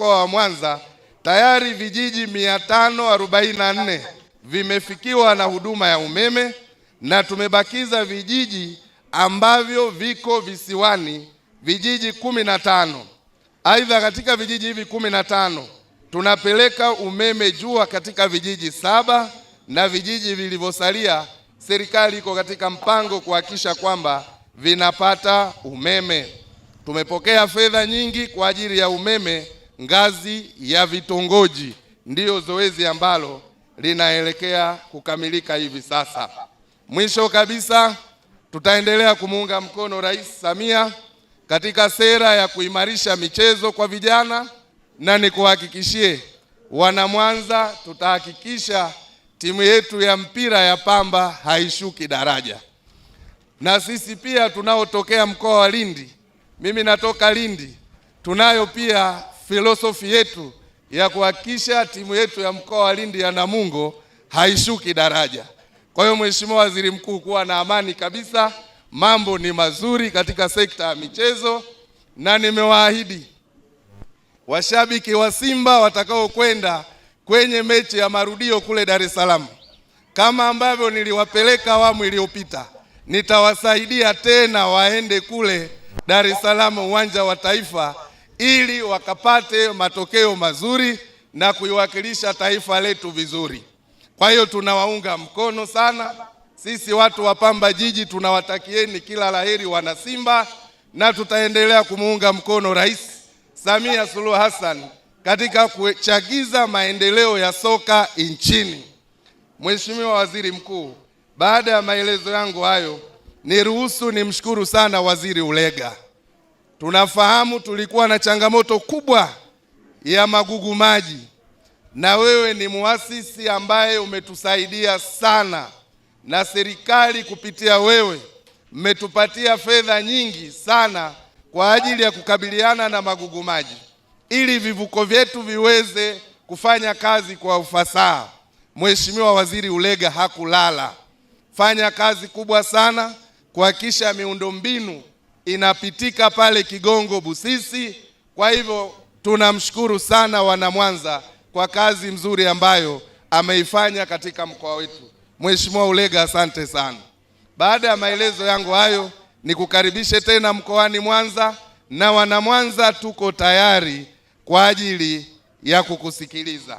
mkoa wa Mwanza, tayari vijiji 544 vimefikiwa na huduma ya umeme na tumebakiza vijiji ambavyo viko visiwani, vijiji kumi na tano. Aidha, katika vijiji hivi kumi na tano tunapeleka umeme jua katika vijiji saba na vijiji vilivyosalia serikali iko katika mpango kuhakikisha kwamba vinapata umeme. Tumepokea fedha nyingi kwa ajili ya umeme ngazi ya vitongoji ndiyo zoezi ambalo linaelekea kukamilika hivi sasa. Mwisho kabisa, tutaendelea kumuunga mkono Rais Samia katika sera ya kuimarisha michezo kwa vijana, na nikuhakikishie wana Mwanza, tutahakikisha timu yetu ya mpira ya Pamba haishuki daraja. Na sisi pia tunaotokea mkoa wa Lindi, mimi natoka Lindi, tunayo pia filosofi yetu ya kuhakikisha timu yetu ya mkoa wa Lindi ya Namungo haishuki daraja. Kwa hiyo Mheshimiwa Waziri Mkuu, kuwa na amani kabisa, mambo ni mazuri katika sekta ya michezo, na nimewaahidi washabiki wa Simba watakaokwenda kwenye mechi ya marudio kule Dar es Salaam, kama ambavyo niliwapeleka awamu iliyopita, nitawasaidia tena waende kule Dar es Salaam, uwanja wa Taifa ili wakapate matokeo mazuri na kuiwakilisha taifa letu vizuri. Kwa hiyo tunawaunga mkono sana. Sisi watu wa Pamba Jiji tunawatakieni kila laheri wana Simba, na tutaendelea kumuunga mkono Rais Samia Suluhu Hassan katika kuchagiza maendeleo ya soka nchini. Mheshimiwa Waziri Mkuu, baada ya maelezo yangu hayo, niruhusu nimshukuru sana Waziri Ulega. Tunafahamu tulikuwa na changamoto kubwa ya magugu maji, na wewe ni muasisi ambaye umetusaidia sana, na serikali kupitia wewe mmetupatia fedha nyingi sana kwa ajili ya kukabiliana na magugu maji ili vivuko vyetu viweze kufanya kazi kwa ufasaha. Mheshimiwa Waziri Ulega hakulala, fanya kazi kubwa sana kuhakikisha miundombinu inapitika pale Kigongo Busisi. Kwa hivyo tunamshukuru sana wana Mwanza kwa kazi nzuri ambayo ameifanya katika mkoa wetu. Mheshimiwa Ulega, asante sana. Baada ya maelezo yangu hayo, nikukaribishe tena mkoani Mwanza, na wana Mwanza tuko tayari kwa ajili ya kukusikiliza.